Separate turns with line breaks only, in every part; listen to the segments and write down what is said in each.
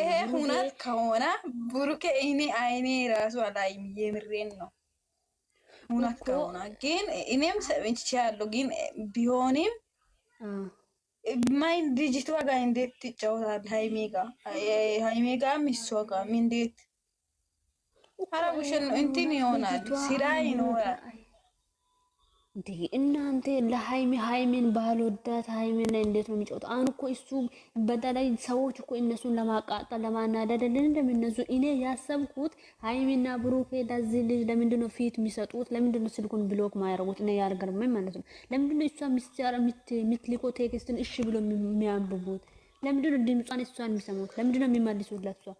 ይሄ ሁነት ከሆነ ብሩኬ እኔ አይኔ ራሱ አላይም። የምሬን ነው። ሁነት ከሆነ ግን እኔም ሰምቼ ያለው ግን ቢሆንም ማይን ዲጂቷ ጋር እንዴት ትጫወታል? ሃይሜ ጋር ሃይሜ ጋር ሚሷ ጋር እንዴት አረብሽን እንትን ይሆናል፣ ስራ ይኖራል
እንዴ እናንተ ለሃይሚ ሃይሚን ባልወዳት ሃይሚን ላይ እንዴት ነው የሚጫወት? አሁን እኮ እሱ በተለይ ሰዎች እኮ እነሱን ለማቃጠል ለማናደድ እንደምነሱ እኔ ያሰብኩት ሃይሚና ብሩኬ ለዚህ ልጅ ለምንድን ነው ፊት የሚሰጡት? ለምንድን ነው ስልኩን ብሎክ ማያደርጉት? እኔ ያልገርመኝ ማለት ነው። ለምንድን ነው እሷ ሚስጥር የምትልኮ ቴክስትን እሺ ብሎ የሚያንብቡት? ለምንድን ነው ድምጿን እሷን የሚሰሙት? ለምንድን ነው የሚመልሱላት እሷ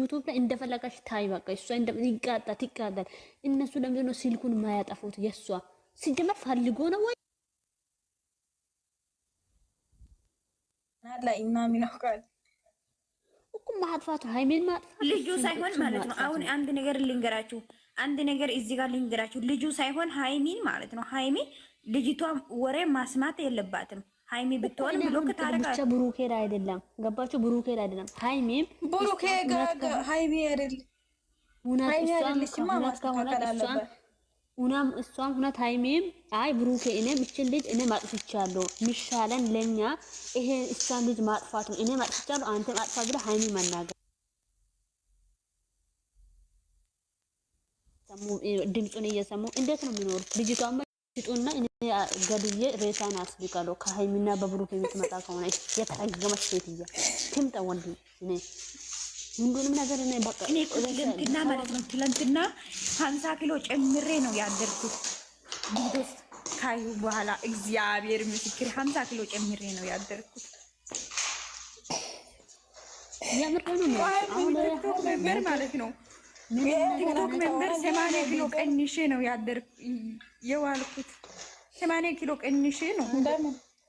ዩቱብ ላይ እንደፈለጋሽ ታይ፣ በቃ እሷ ይቃጣል ትቃጣል። እነሱ ለምንድን ነው ስልኩን ማያጠፉት የእሷ ሲጀመር ፈልጎ ነው ወይ
ላኢማ ሚነውቃል
እኮ ማጥፋቱ ሃይሜን ማጥፋት
ልጁ ሳይሆን ማለት ነው። አሁን አንድ ነገር ልንገራችሁ፣ አንድ ነገር እዚህ ጋር ልንገራችሁ። ልጁ ሳይሆን ሃይሚን ማለት ነው። ሃይሚ ልጅቷ ወሬ ማስማት የለባትም። ሃይሚ ብትሆን ብሎክ
ታረቃለች። ብሩኬ አይደለም ገባችሁ? ብሩኬ አይደለም ሃይሚም
ብሩኬ ጋር ሃይሚ አይደል
ሃይሚ አይደል ኡናም እሷም ሁነ ታይሜም አይ ብሩኬ እኔም እችን ልጅ እኔ ማጥፍቻለሁ፣ ሚሻለን ለኛ ይሄ እሷን ልጅ ማጥፋት ነው። እኔም አጥፍቻለሁ፣ አንተም አጥፋ ብለህ ሃይሚ መናገር ድምፁን እየሰሙ እንዴት ነው የሚኖሩት? ልጅቷማ ሽጡና እኔ ገድዬ ሬሳን አስቢቃለሁ። ከሃይሚና በብሩኬ የምትመጣ ከሆነ የተረገመች ሴትያ ትምጣ ወንድ እኔ ሁሉንም ነገር እኔ በቃ
እኔ እኮ ትላንትና ማለት ነው ትላንትና ሀምሳ ኪሎ ጨምሬ ነው ያደርኩት ቪዲዮስ ካዩ በኋላ እግዚአብሔር ምስክር ሀምሳ ኪሎ ጨምሬ ነው ያደርኩት። ቲክቶክ ሜምበር ማለት ነው ቲክቶክ ሜምበር ሰማንያ ኪሎ ቀንሼ ነው ያደርኩት የዋልኩት ሰማንያ ኪሎ ቀንሼ ነው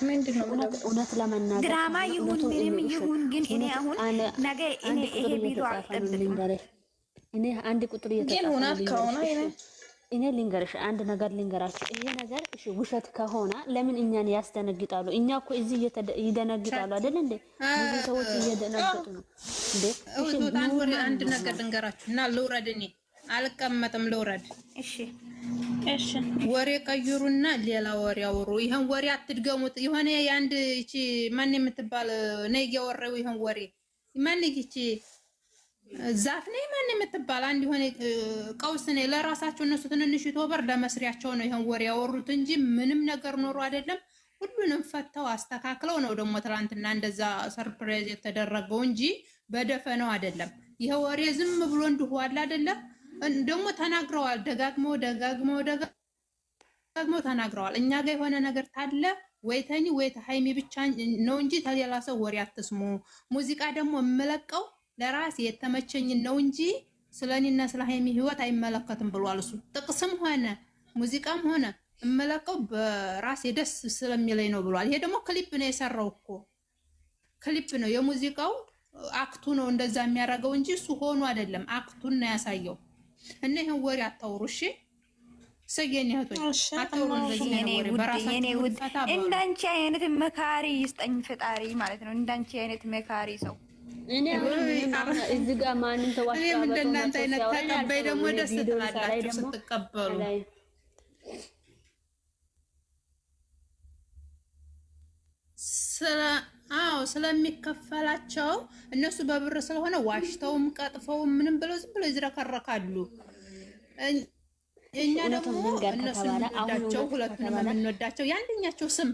እውነት ለመናገር
ድራማ ይሁን ምንም ይሁን ግን እኔ አሁን ነገ
እኔ ይሄ ቢሮ አልጠብቅም። እኔ አንድ ቁጥር እኔ ልንገርሽ አንድ ነገር ልንገራችሁ። ይሄ ነገር እሺ ውሸት ከሆነ ለምን እኛን ያስደነግጣሉ? እኛ እኮ እዚህ ይደነግጣሉ አይደል እንዴ? ብዙ ሰዎች እየደነገጡ ነው
አንድ ነገር ልንገራችሁ እና ልውረድ። እኔ አልቀመጥም ልውረድ። እሺ ወሬ ቀይሩና ሌላ ወሬ አውሩ። ይህን ወሬ አትድገሙት። የሆነ የአንድ ይቺ ማን የምትባል ነይ እያወራሁ ይህን ወሬ ማን ይቺ ዛፍ ነይ ማን የምትባል አንድ የሆነ ቀውስ ነይ ለራሳቸው እነሱ ትንንሽ ዩቲዩበር ለመስሪያቸው ነው ይህን ወሬ ያወሩት እንጂ ምንም ነገር ኖሮ አይደለም። ሁሉንም ፈተው አስተካክለው ነው ደግሞ ትላንትና እንደዛ ሰርፕራይዝ የተደረገው እንጂ በደፈነው አይደለም። ይሄ ወሬ ዝም ብሎ እንድሁ አለ አይደለም ደግሞ ተናግረዋል። ደጋግሞ ደጋግሞ ደጋግሞ ተናግረዋል። እኛ ጋር የሆነ ነገር ታለ ወይተኝ ወይ ተሀይሚ ብቻ ነው እንጂ ተሌላ ሰው ወሬ አትስሙ። ሙዚቃ ደግሞ የምለቀው ለራሴ የተመቸኝን ነው እንጂ ስለኔና ስለ ሃይሚ ህይወት አይመለከትም ብሏል። እሱ ጥቅስም ሆነ ሙዚቃም ሆነ የምለቀው በራሴ ደስ ስለሚለኝ ነው ብሏል። ይሄ ደግሞ ክሊፕ ነው የሰራው እኮ ክሊፕ ነው የሙዚቃው አክቱ ነው እንደዛ የሚያደርገው እንጂ እሱ ሆኖ አይደለም። አክቱን ነው ያሳየው። እና ይህን ወሬ አታውሩ እሺ። ሰየን እህቶች አታውሩ እንደዚህ ወሬ በራሳችሁ
ፈታ። እንዳንቺ አይነት መካሪ ይስጠኝ ፈጣሪ ማለት ነው። እንዳንቺ አይነት መካሪ ሰው እኔ እዚህ ጋር ማንም
ያለው እንደ እናንተ አይነት ተቀባይ ደግሞ ደስ ትላላችሁ ስትቀበሉ ስራ አዎ ስለሚከፈላቸው እነሱ በብር ስለሆነ ዋሽተውም ቀጥፈውም ምንም ብለው ዝም ብለው ይዝረከረካሉ። እኛ ደግሞ እነሱ የምንወዳቸው ሁለቱንም የምንወዳቸው የአንደኛቸው ስም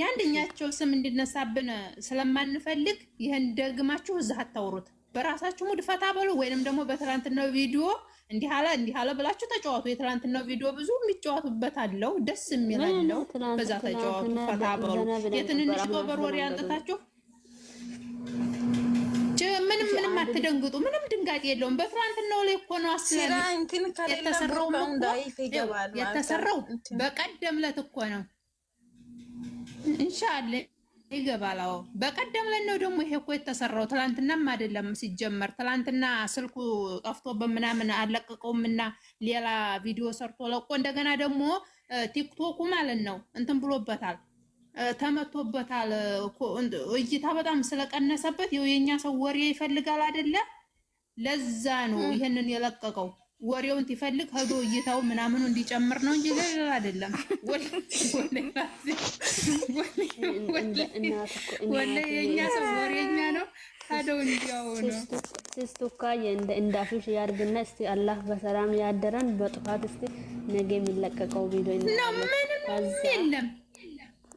የአንደኛቸው ስም እንዲነሳብን ስለማንፈልግ ይህን ደግማችሁ እዛ አታውሩት። በራሳችሁ ሙድ ፈታ በሉ። ወይንም ደግሞ በትናንትናው ቪዲዮ እንዲህ አለ እንዲህ አለ ብላችሁ ተጫዋቱ። የትናንትናው ቪዲዮ ብዙ የሚጫዋቱበት አለው፣ ደስ የሚል በዛ ተጫዋቱ፣ ፈታ በሉ። የትንንሽ ኦቨር በርበሬ አንጥታችሁ ምንም ምንም አትደንግጡ። ምንም ድንጋጤ የለውም። በትናንትናው ላይ እኮ ነው የተሰራው የተሰራው በቀደም ዕለት እኮ ነው። እንሻለን ይገባል። አዎ በቀደም ለን ነው ደግሞ ይሄ እኮ የተሰራው ትላንትናም አይደለም ሲጀመር። ትላንትና ስልኩ ጠፍቶ በምናምን አለቀቀውም እና ሌላ ቪዲዮ ሰርቶ ለቆ እንደገና ደግሞ ቲክቶኩ ማለት ነው እንትን ብሎበታል፣ ተመቶበታል። እይታ በጣም ስለቀነሰበት የው ሰው ወሬ ይፈልጋል አይደለ? ለዛ ነው ይህንን የለቀቀው። ወሬውን ትፈልግ ሄዶ እይታው ምናምኑ እንዲጨምር ነው እንጂ ለሌላ አይደለም። ወላሂ የእኛ ሰው ወሬኛ ነው። ታዲያው እንዲያው ነው
ስስቱካ እንዳፍሽ ያድርግና እስቲ አላህ በሰላም ያደረን። በጥፋት እስቲ ነገ የሚለቀቀው ቪዲዮ
ነው ምንም የለም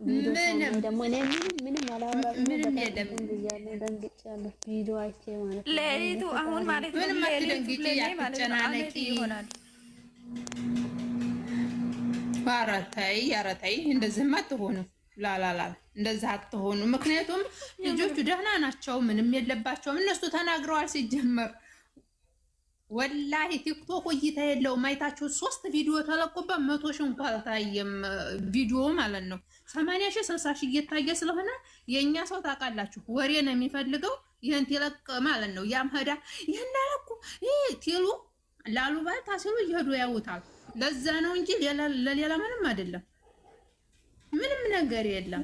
ምንም
ሌሊቱ አሁን ማለት ነው ይሆናል። ኧረ ተይ፣ ኧረ ተይ፣ እንደዚህም አትሆንም። ላላላ እንደዛ አትሆኑ። ምክንያቱም ልጆቹ ደህና ናቸው፣ ምንም የለባቸውም። እነሱ ተናግረዋል ሲጀመር ወላሂ ቲክቶክ እይታ የለውም። አይታችሁ ሶስት ቪዲዮ ተለቁበት መቶ ሺህ እንኳ አልታየም ቪዲዮ ማለት ነው። ሰማንያ ሺህ ስልሳ ሺህ እየታየ ስለሆነ የእኛ ሰው ታውቃላችሁ፣ ወሬ ነው የሚፈልገው። ይህን ቲለቅ ማለት ነው። ያምህዳ ይህናለኩ ይህን ቲሉ ላሉ ባልታ ሲሉ እየሄዱ ያውታል። ለዛ ነው እንጂ ለሌላ ምንም አይደለም። ምንም ነገር የለም።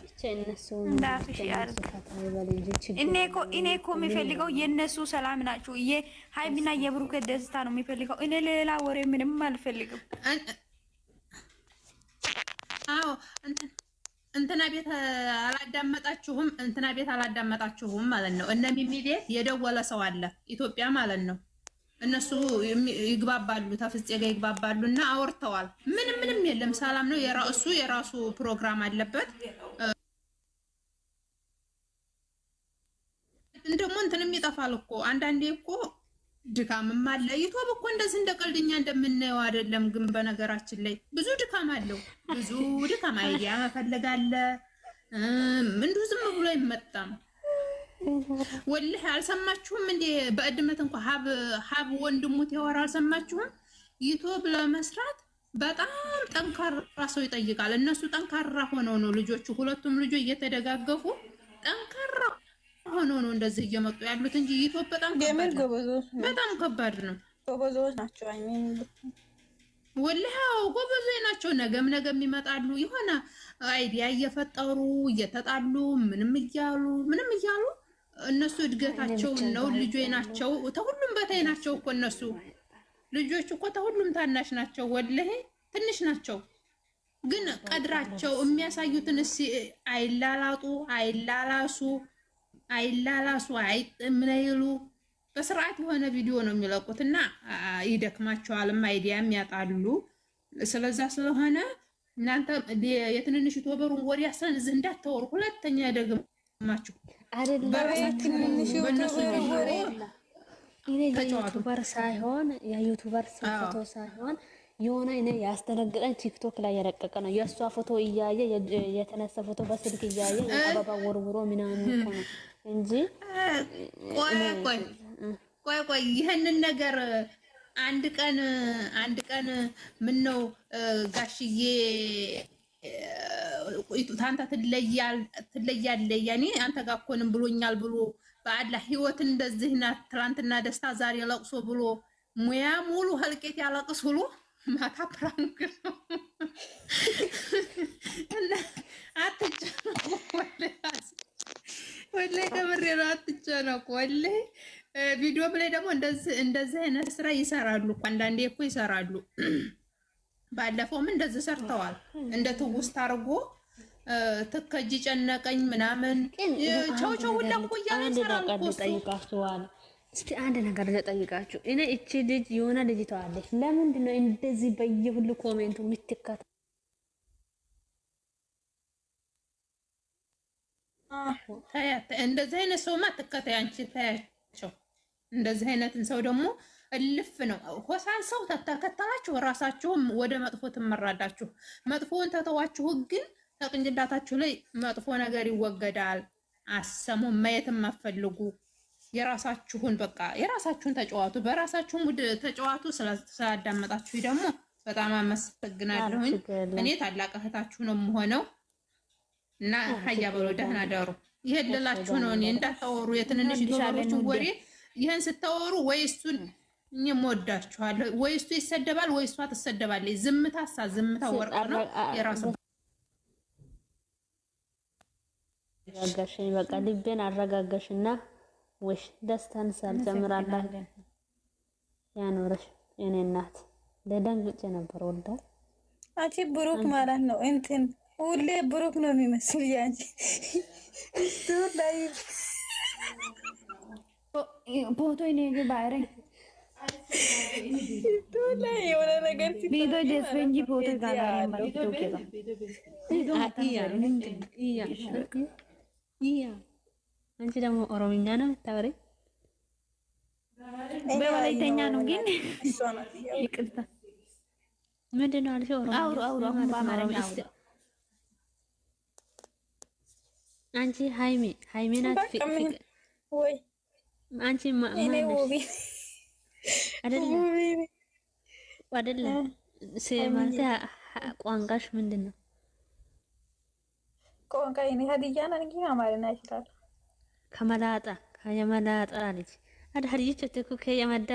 እኔ እኮ የሚፈልገው የእነሱ ሰላም ናቸው። የሀይሚና የብሩክ ደስታ ነው የሚፈልገው። እኔ ሌላ ወሬ ምንም አልፈልግም። አዎ እንትና ቤት አላዳመጣችሁም፣ እንትና ቤት አላዳመጣችሁም ማለት ነው። እነ ሚሚ ቤት የደወለ ሰው አለ ኢትዮጵያ ማለት ነው እነሱ ይግባባሉ፣ ተፍፄ ጋር ይግባባሉ እና አውርተዋል። ምንም ምንም የለም፣ ሰላም ነው። የራሱ የራሱ ፕሮግራም አለበት። ደግሞ እንትንም ይጠፋል እኮ አንዳንዴ እኮ ድካምም አለ። ዩቱብ እኮ እንደዚህ እንደ ቀልድኛ እንደምናየው አይደለም። ግን በነገራችን ላይ ብዙ ድካም አለው። ብዙ ድካም አያ መፈለግ አለ። ዝም ብሎ አይመጣም። ወልህ አልሰማችሁም እንዴ? በእድመት እንኳ ሀብ ሀብ ወንድሙት ያወራ አልሰማችሁም? ዩቱብ ለመስራት በጣም ጠንካራ ሰው ይጠይቃል። እነሱ ጠንካራ ሆነው ነው ልጆቹ፣ ሁለቱም ልጆች እየተደጋገፉ ጠንካራ ሆነው ነው እንደዚህ እየመጡ ያሉት እንጂ ዩቱብ በጣም በጣም ከባድ ነው።
ጎበዞች ናቸው።
ወልህ ጎበዞች ናቸው። ነገም ነገም ይመጣሉ የሆነ አይዲያ እየፈጠሩ እየተጣሉ ምንም እያሉ ምንም እያሉ እነሱ እድገታቸውን ነው ልጆ ናቸው። ተሁሉም በታይ ናቸው እኮ እነሱ ልጆች እኮ ተሁሉም ታናሽ ናቸው። ወለሄ ትንሽ ናቸው፣ ግን ቀድራቸው የሚያሳዩትን እስ አይላላጡ፣ አይላላሱ፣ አይላላሱ፣ አይጥምነይሉ በስርዓት የሆነ ቪዲዮ ነው የሚለቁት እና ይደክማቸዋልም፣ አይዲያም ያጣሉ። ስለዛ ስለሆነ እናንተ የትንንሽ ቶበሩን ወዲያ ያሰን እዚህ እንዳታወሩ። ሁለተኛ ደግሞ ናችሁ
ዩቱበር ሳይሆን የዩቱበር ፎቶ ሳይሆን የሆነ እኔ ያስደነግጠኝ ቲክቶክ ላይ የለቀቀ ነው። የእሷ ፎቶ እያየ የተነሳ ፎቶ በስልክ እያየ የአበባ ወርውሮ ምናምን እኮ ነው እንጂ
ቆይ ቆይ ይህንን ነገር አንድ ቀን አንድ ቀን ምን ነው ጋሽዬ ቆይቱ ታንታ ትለያለህ ያኔ አንተ ጋር እኮ ብሎኛል ብሎ በአላህ ህይወት እንደዚህ ና ትናንትና ደስታ ዛሬ ለቅሶ ብሎ ሙያ ሙሉ ህልቄት ያለቅስ ሁሉ ማታ ፕራንክ ነው። ወላሂ ከምሬ ነው። አትጨነቁ። ወላሂ ቪዲዮም ላይ ደግሞ እንደዚህ አይነት ስራ ይሰራሉ። አንዳንዴ እኮ ይሰራሉ። ባለፈውም እንደዚህ ሰርተዋል። እንደ ትውስት አድርጎ ትከጂ ጨነቀኝ ምናምን ቸው ቸው ሁላቁ እያለ
እስቲ አንድ ነገር ልጠይቃችሁ። እኔ እቺ ልጅ የሆነ ልጅ ተዋለች። ለምንድን ነው እንደዚህ በየሁሉ ኮሜንቱ የምትከታ?
እንደዚህ አይነት ሰውማ ትከታይ አንቺ። ታያቸው እንደዚህ አይነትን ሰው ደግሞ እልፍ ነው። ሆሳን ሰው ከተላችሁ ራሳችሁም ወደ መጥፎ ትመራላችሁ። መጥፎውን ተተዋችሁ ግን ከቅንጭላታችሁ ላይ መጥፎ ነገር ይወገዳል። አሰሙ ማየት የማፈልጉ የራሳችሁን በቃ የራሳችሁን ተጫዋቱ፣ በራሳችሁም ውድ ተጫዋቱ። ስላዳመጣችሁ ደግሞ በጣም አመሰግናለሁኝ። እኔ ታላቅ እህታችሁ ነው የምሆነው እና ሀያ በሎ ደህና ደሩ። ይሄ ልላችሁ ነው እኔ እንዳታወሩ የትንንሽ ዶሮችን ወሬ ይህን ስታወሩ ወይ እሱን እኔም ወዳችኋለሁ። ወይ እሱ ይሰደባል ወይ እሷ ትሰደባለች። ዝምታ ሳ ዝምታ ወርቅ ነው። የራሱ
አረጋጋሽኝ፣ በቃ ልቤን አረጋጋሽና ወሽ ደስታን ሳልጨምራለሁ ያኖረሽ እኔ እናት። ደንግጬ ነበር ወልዳ
አንቺ ብሩክ ማለት ነው እንትን ሁሌ ብሩክ ነው የሚመስል ያንቺ
ፎቶ ይኔ ባይረኝ የሆነ ነገር አንቺ ደግሞ ኦሮምኛ ነው የምታወሪ? በወላይተኛ ነው ግን ይቅርታ። ምንድን ነው አልሽው? አንቺ ሀይሜ ሀይሜ ናት። አንቺ አይደለም ማለት ቋንቋሽ ምንድን ነው?
ቋንቋ ይኔ ሀዲያ ነኝ፣ ግን አማርኛ ይችላል።
ከመላጣ ከየመላጣ ልጅ አድ ሀዲያ ቸትኩ ከየመዳ